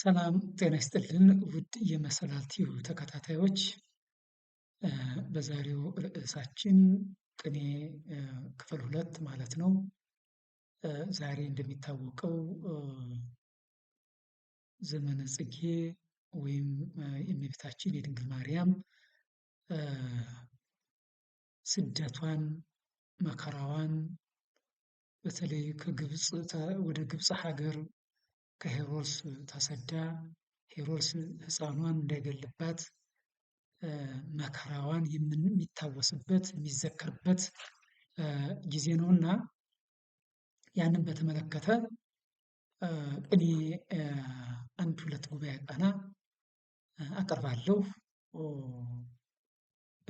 ሰላም ጤና ይስጥልን ውድ የመሰላል ቲዩ ተከታታዮች፣ በዛሬው ርዕሳችን ቅኔ ክፍል ሁለት ማለት ነው። ዛሬ እንደሚታወቀው ዘመነ ጽጌ ወይም የእመቤታችን የድንግል ማርያም ስደቷን፣ መከራዋን በተለይ ከግብፅ ወደ ግብፅ ሀገር ከሄሮድስ ተሰዳ ሄሮድስ ሕፃኗን እንዳይገልባት መከራዋን የሚታወስበት የሚዘከርበት ጊዜ እና ያንን በተመለከተ እኔ አንድ ሁለት ጉባኤ ቀና አቀርባለሁ።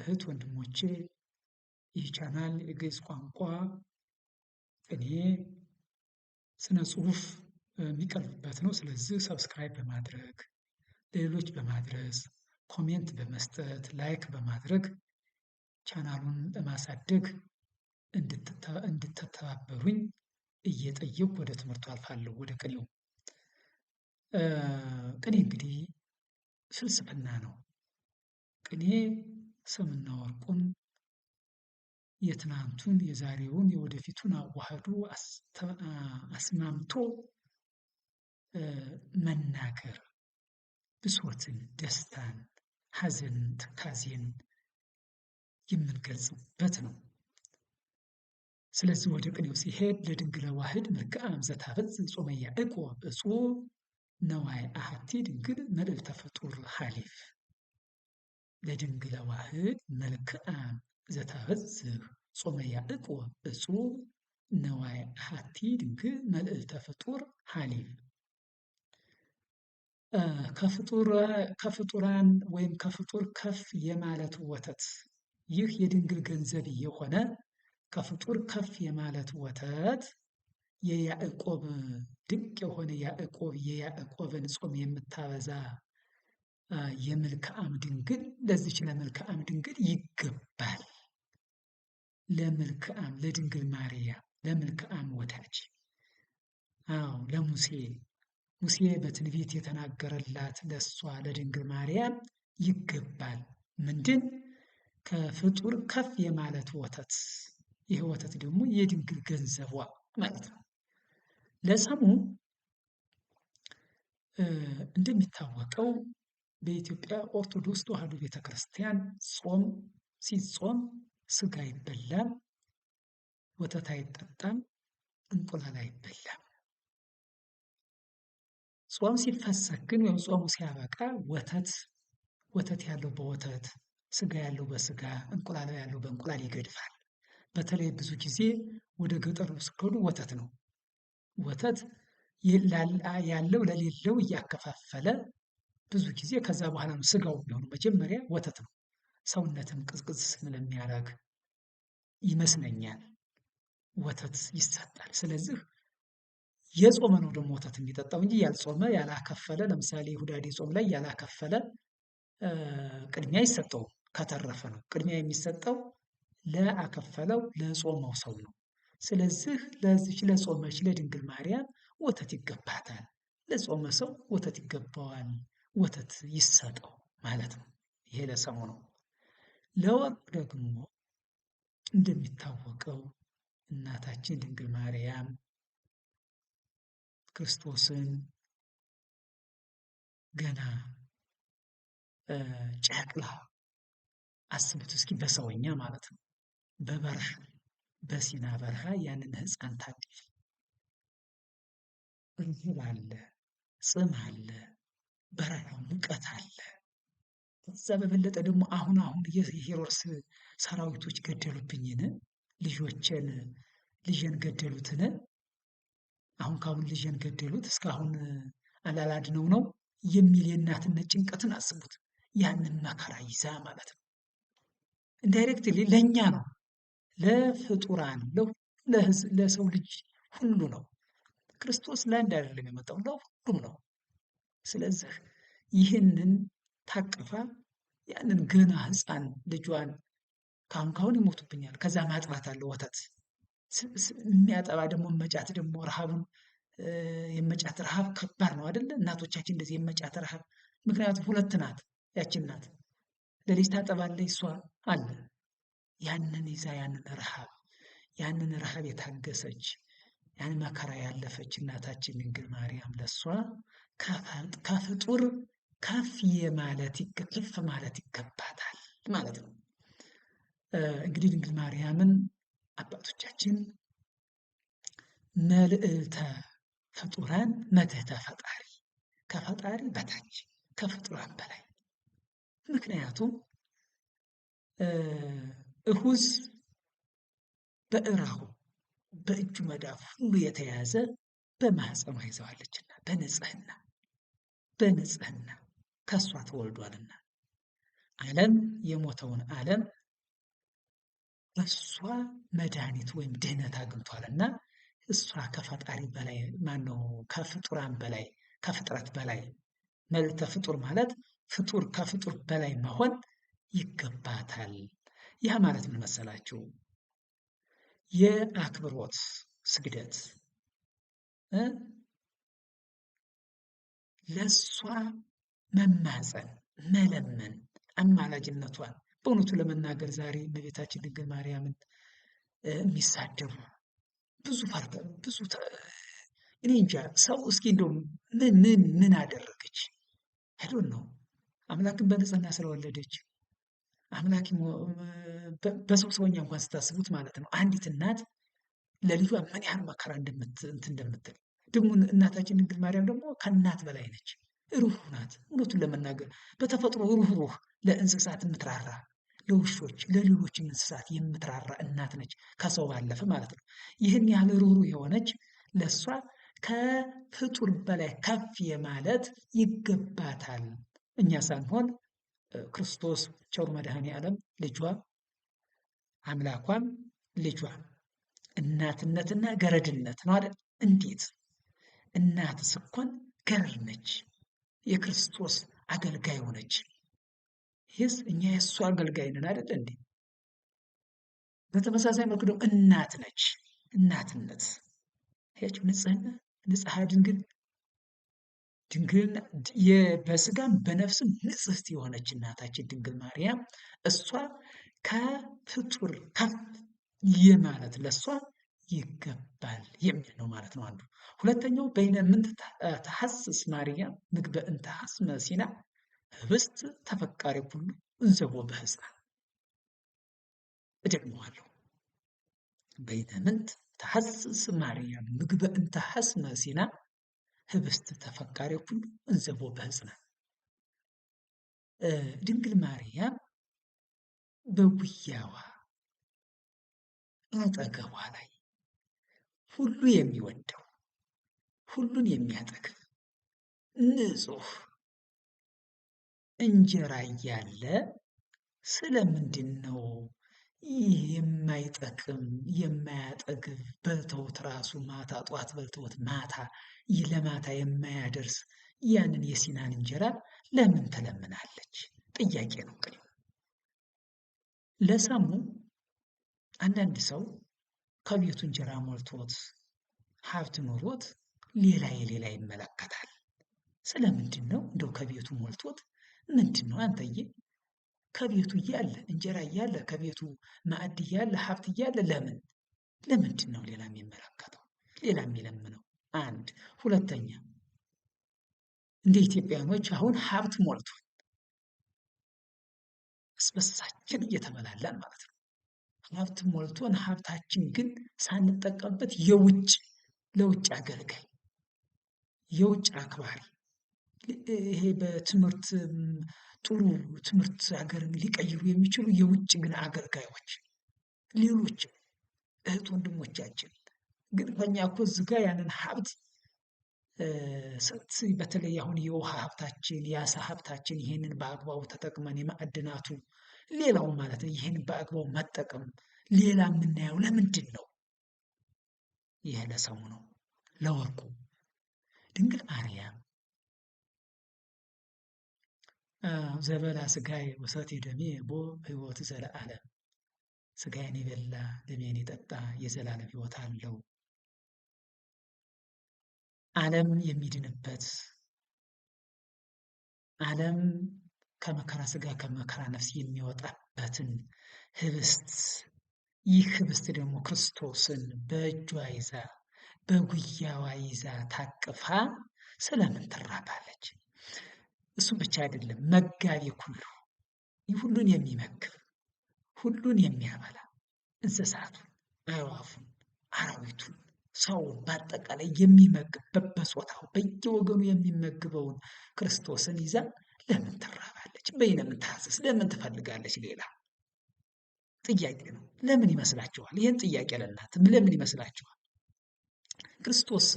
እህት ወንድሞቼ፣ ይህ ቻናል የግዕዝ ቋንቋ እኔ ስነ ጽሁፍ የሚቀርብበት ነው። ስለዚህ ሰብስክራይብ በማድረግ ሌሎች በማድረስ ኮሜንት በመስጠት ላይክ በማድረግ ቻናሉን በማሳደግ እንድትተባበሩኝ እየጠየቅ ወደ ትምህርቱ አልፋለሁ። ወደ ቅኔው ቅኔ እንግዲህ ፍልስፍና ነው። ቅኔ ሰምና ወርቁን የትናንቱን፣ የዛሬውን፣ የወደፊቱን አዋህዶ አስማምቶ መናገር ብሶትን፣ ደስታን፣ ሐዘንን፣ ትካዜን የምንገልጽበት ነው። ስለዚህ ወደ ቅኔው ሲሄድ ለድንግለ ዋህድ ምርግአም ዘታፈጽ ጾመያ እቆ እጹብ ነዋይ አሐቲ ድንግል መልእልተ ፍጡር ሐሊፍ ለድንግለ ዋህድ መልክአም ዘታፈጽህ ጾመያ እቆ እጹብ ነዋይ አሐቲ ድንግል መልእልተ ፍጡር ሐሊፍ ከፍጡራን ወይም ከፍጡር ከፍ የማለት ወተት ይህ የድንግል ገንዘብ የሆነ ከፍጡር ከፍ የማለት ወተት የያዕቆብ ድንቅ የሆነ ያዕቆብ የያዕቆብን ጾም የምታበዛ የመልክዓም ድንግል ለዚች ለመልክዓም ድንግል ይገባል። ለመልክዓም ለድንግል ማርያም ለመልክዓም ወዳጅ አዎ ለሙሴ ሙሴ በትንቢት የተናገረላት ለሷ ለድንግል ማርያም ይገባል። ምንድን ከፍጡር ከፍ የማለት ወተት፣ ይህ ወተት ደግሞ የድንግል ገንዘቧ ማለት ነው። ለሰሙ እንደሚታወቀው በኢትዮጵያ ኦርቶዶክስ ተዋሕዶ ቤተ ክርስቲያን ጾም ሲጾም ስጋ አይበላም፣ ወተት አይጠጣም፣ እንቁላል አይበላም። ጾም ሲፈሰክ ግን ወይም ጾሙ ሲያበቃ ወተት ወተት ያለው በወተት ስጋ ያለው በስጋ እንቁላል ያለው በእንቁላል ይገድፋል። በተለይ ብዙ ጊዜ ወደ ገጠር ስትሆኑ ወተት ነው ወተት ያለው ለሌለው እያከፋፈለ ብዙ ጊዜ ከዛ በኋላ ነው ስጋው የሚሆኑ መጀመሪያ ወተት ነው። ሰውነትም ቅዝቅዝ ስለሚያደርግ ይመስለኛል ወተት ይሰጣል። ስለዚህ የጾመ ነው ደግሞ ወተት የሚጠጣው እንጂ ያልጾመ ያላከፈለ፣ ለምሳሌ ሁዳዴ ጾም ላይ ያላከፈለ ቅድሚያ አይሰጠውም። ከተረፈ ነው ቅድሚያ የሚሰጠው ለአከፈለው ለጾመው ሰው ነው። ስለዚህ ለዚች ለጾመች ለድንግል ማርያም ወተት ይገባታል። ለጾመ ሰው ወተት ይገባዋል፣ ወተት ይሰጠው ማለት ነው። ይሄ ለሰው ነው። ለወርቁ ደግሞ እንደሚታወቀው እናታችን ድንግል ማርያም ክርስቶስን ገና ጨቅላ አስቡት እስኪ በሰውኛ ማለት ነው። በበረሃ በሲና በረሃ ያንን ህፃን ታቅፍ እንህል አለ፣ ጽም አለ፣ በረሃ ሙቀት አለ። እዛ በበለጠ ደግሞ አሁን አሁን የሄሮድስ ሰራዊቶች ገደሉብኝን ልጆችን ልጅን ገደሉትን አሁን ካሁን ልጄን ገደሉት እስካሁን አላላድነው ነው የሚል የእናትነት ጭንቀትን አስቡት። ያንን መከራ ይዛ ማለት ነው። ኢንዳይሬክትሊ ለእኛ ነው፣ ለፍጡራን፣ ለህዝብ፣ ለሰው ልጅ ሁሉ ነው። ክርስቶስ ለአንድ አይደለም የመጣው ለሁሉም ነው። ስለዚህ ይህንን ታቅፋ ያንን ገና ህፃን ልጇን ካሁን ካሁን ይሞቱብኛል ከዛ ማጥባት አለ ወተት የሚያጠባ ደግሞ መጫት ደግሞ ረሃቡን የመጫት ረሃብ ከባድ ነው አይደለ? እናቶቻችን እንደዚህ የመጫት ረሃብ ምክንያቱም ሁለት ናት ያችን ናት ለሊት ታጠባለች እሷ አለ ያንን ይዛ ያንን ረሃብ ያንን ረሃብ የታገሰች ያን መከራ ያለፈች እናታችን ድንግል ማርያም ለሷ ከፍጡር ከፍ የማለት ከፍ ማለት ይገባታል ማለት ነው። እንግዲህ ድንግል ማርያምን አባቶቻችን መልእልተ ፍጡራን መትህተ ፈጣሪ ከፈጣሪ በታች ከፍጡራን በላይ ምክንያቱም እሁዝ በእራሁ በእጁ መዳፍ ሁሉ የተያዘ በማኅፀኗ ይዘዋለችና በንጽህና በንጽህና ከእሷ ተወልዷልና ዓለም የሞተውን ዓለም እሷ መድኃኒት ወይም ድህነት አግኝቷል እና እሷ ከፈጣሪ በላይ ማነው ከፍጡራን በላይ ከፍጥረት በላይ መልተ ፍጡር ማለት ፍጡር ከፍጡር በላይ መሆን ይገባታል። ያ ማለት ምን መሰላችሁ? የአክብሮት ስግደት ለእሷ መማፀን፣ መለመን፣ አማላጅነቷን በእውነቱ ለመናገር ዛሬ እመቤታችን ድንግል ማርያምን የሚሳደቡ ብዙ ፋርተ ብዙ እኔ እንጃ ሰው እስኪ እንደው ምን ምን ምን አደረገች አይዶን ነው። አምላክን በንጽህና ስለወለደች አምላክ በሰው ሰውኛ እንኳን ስታስቡት ማለት ነው አንዲት እናት ለልጇ ምን ያህል መከራ እንደምት እንደምትል ደግሞ እናታችን ድንግል ማርያም ደግሞ ከእናት በላይ ነች። ሩኅሩኅ ናት። እውነቱን ለመናገር በተፈጥሮ ሩህ ለእንስሳት የምትራራ ለውሾች፣ ለሌሎች እንስሳት የምትራራ እናት ነች፣ ከሰው ባለፈ ማለት ነው። ይህን ያህል ሩሩ የሆነች ለእሷ ከፍጡር በላይ ከፍ የማለት ይገባታል። እኛ ሳንሆን ክርስቶስ ቸሩ መድኃኔ ዓለም ልጇ አምላኳም ልጇ እናትነትና ገረድነት ነው አይደል? እንዴት እናት ስኮን ገረድ ነች፣ የክርስቶስ አገልጋይ ሆነች። ይህስ እኛ የእሱ አገልጋይ ነን አይደል እንዴ? በተመሳሳይ መልኩ ደግሞ እናት ነች። እናትነት ያቸው ንጽህና ንጽሐ ድንግል ድንግልና በስጋም በነፍስም ንጽህት የሆነች እናታችን ድንግል ማርያም እሷ ከፍጡር ከፍ የማለት ለእሷ ይገባል የሚል ነው ማለት ነው አንዱ። ሁለተኛው በይነ ምንት ተሐስስ ማርያም ምግበ እንተሐስመ ሲና ህብስት ተፈቃሪ ኩሉ እንዘቦ በህፃ እደግመዋለሁ። በይተምንት ተሐስስ ማርያም ምግበ እንተ ሐስነ ሲና ህብስት ተፈቃሪ ኩሉ እንዘቦ በህፅና ድንግል ማርያም በጉያዋ አጠገቧ ላይ ሁሉ የሚወደው ሁሉን የሚያጠግብ ንጹህ እንጀራ እያለ ስለምንድን ነው ይህ የማይጠቅም የማያጠግብ በልተውት ራሱ ማታ ጧት በልተውት ማታ ለማታ የማያደርስ ያንን የሲናን እንጀራ ለምን ትለምናለች? ጥያቄ ነው። እንግዲህ ለሰሙ አንዳንድ ሰው ከቤቱ እንጀራ ሞልቶት ሀብት ኖሮት ሌላ የሌላ ይመለከታል። ስለምንድን ነው እንደው ከቤቱ ሞልቶት ምንድን ነው አንተዬ? ከቤቱ እያለ እንጀራ እያለ ከቤቱ ማዕድ እያለ ሀብት እያለ ለምን ለምንድን ነው ሌላ የሚመለከተው ሌላ የሚለምነው? አንድ ሁለተኛ፣ እንደ ኢትዮጵያኖች አሁን ሀብት ሞልቷል። አስበሳችን እየተመላለን ማለት ነው። ሀብት ሞልቶን ሀብታችን ግን ሳንጠቀምበት የውጭ ለውጭ አገልጋይ የውጭ አክባሪ ይሄ በትምህርት ጥሩ ትምህርት ሀገርን ሊቀይሩ የሚችሉ የውጭ ግን አገልጋዮች ሌሎችም እህት ወንድሞቻችን ግን በእኛ እኮ እዚህ ጋር ያንን ሀብት ሰት በተለይ አሁን የውሃ ሀብታችን የአሳ ሀብታችን ይህንን በአግባቡ ተጠቅመን የማዕድናቱ ሌላው ማለት ነው። ይህን በአግባቡ መጠቀም ሌላ የምናየው ለምንድን ነው? ይህ ለሰው ነው፣ ለወርቁ ድንግል ማርያም ዘበላ ስጋዬ ወሰቲ ደሜ ቦ ህይወት ዘለዓለም፣ ስጋዬን የበላ ደሜን የጠጣ የዘላለም ህይወት አለው። ዓለም የሚድንበት ዓለም ከመከራ ስጋ ከመከራ ነፍስ የሚወጣበትን ህብስት ይህ ህብስት ደግሞ ክርስቶስን በእጇ ይዛ በጉያዋ ይዛ ታቅፋ ስለምን ትራባለች? እሱም ብቻ አይደለም፣ መጋቢ ኩሉ ሁሉን የሚመግብ ሁሉን የሚያበላ እንስሳቱን፣ አዕዋፉን፣ አራዊቱን፣ ሰውን በአጠቃላይ የሚመግብ በበጾታው በየወገኑ የሚመግበውን ክርስቶስን ይዛ ለምን ትራባለች? በይ ለምን ትሐስስ? ለምን ትፈልጋለች? ሌላ ጥያቄ ነው። ለምን ይመስላችኋል? ይህን ጥያቄ ለእናንተም ለምን ይመስላችኋል? ክርስቶስ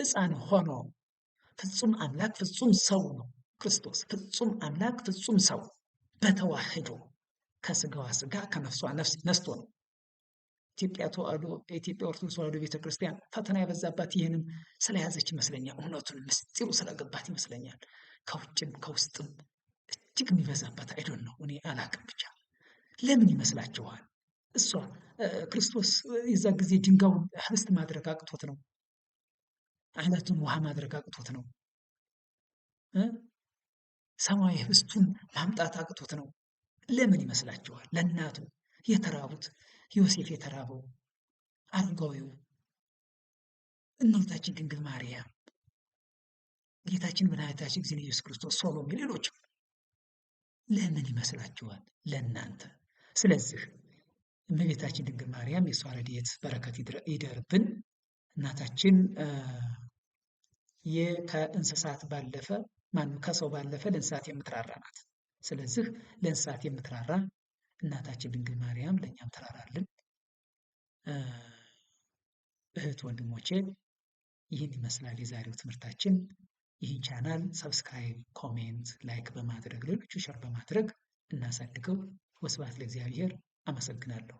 ሕፃን ሆኖ ፍጹም አምላክ ፍጹም ሰው ነው። ክርስቶስ ፍጹም አምላክ ፍጹም ሰው በተዋህዶ ከስጋዋ ስጋ ከነፍሷ ነፍስ ነስቶ ነው። ኢትዮጵያ ተዋህዶ የኢትዮጵያ ኦርቶዶክስ ተዋህዶ ቤተክርስቲያን ፈተና የበዛባት ይህንን ስለያዘች ይመስለኛል። እውነቱን ምስጢሩ ስለገባት ይመስለኛል። ከውጭም ከውስጥም እጅግ የሚበዛባት አይዶን ነው። እኔ አላቅም ብቻ ለምን ይመስላችኋል? እሷ ክርስቶስ የዛ ጊዜ ድንጋዩን ህብስት ማድረግ አቅቶት ነው። አይነቱን ውሃ ማድረግ አቅቶት ነው። ሰማያዊ ህብስቱን ማምጣት አቅቶት ነው። ለምን ይመስላችኋል? ለእናቱ የተራቡት ዮሴፍ የተራበው አረጋዊው እናታችን ድንግል ማርያም ጌታችን መድኃኒታችን ጊዜ ኢየሱስ ክርስቶስ ሶሎሜ፣ ሌሎች ለምን ይመስላችኋል? ለእናንተ። ስለዚህ እመቤታችን ድንግል ማርያም የሷ ረድኤት በረከት ይደርብን። እናታችን ከእንስሳት ባለፈ ማን ከሰው ባለፈ ለእንስሳት የምትራራ ናት። ስለዚህ ለእንስሳት የምትራራ እናታችን ድንግል ማርያም ለእኛም ትራራልን። እህት ወንድሞቼ ይህን ይመስላል የዛሬው ትምህርታችን። ይህን ቻናል ሰብስክራይብ፣ ኮሜንት፣ ላይክ በማድረግ ሌሎቹ ሸር በማድረግ እናሳድገው። ወስብሐት ለእግዚአብሔር። አመሰግናለሁ።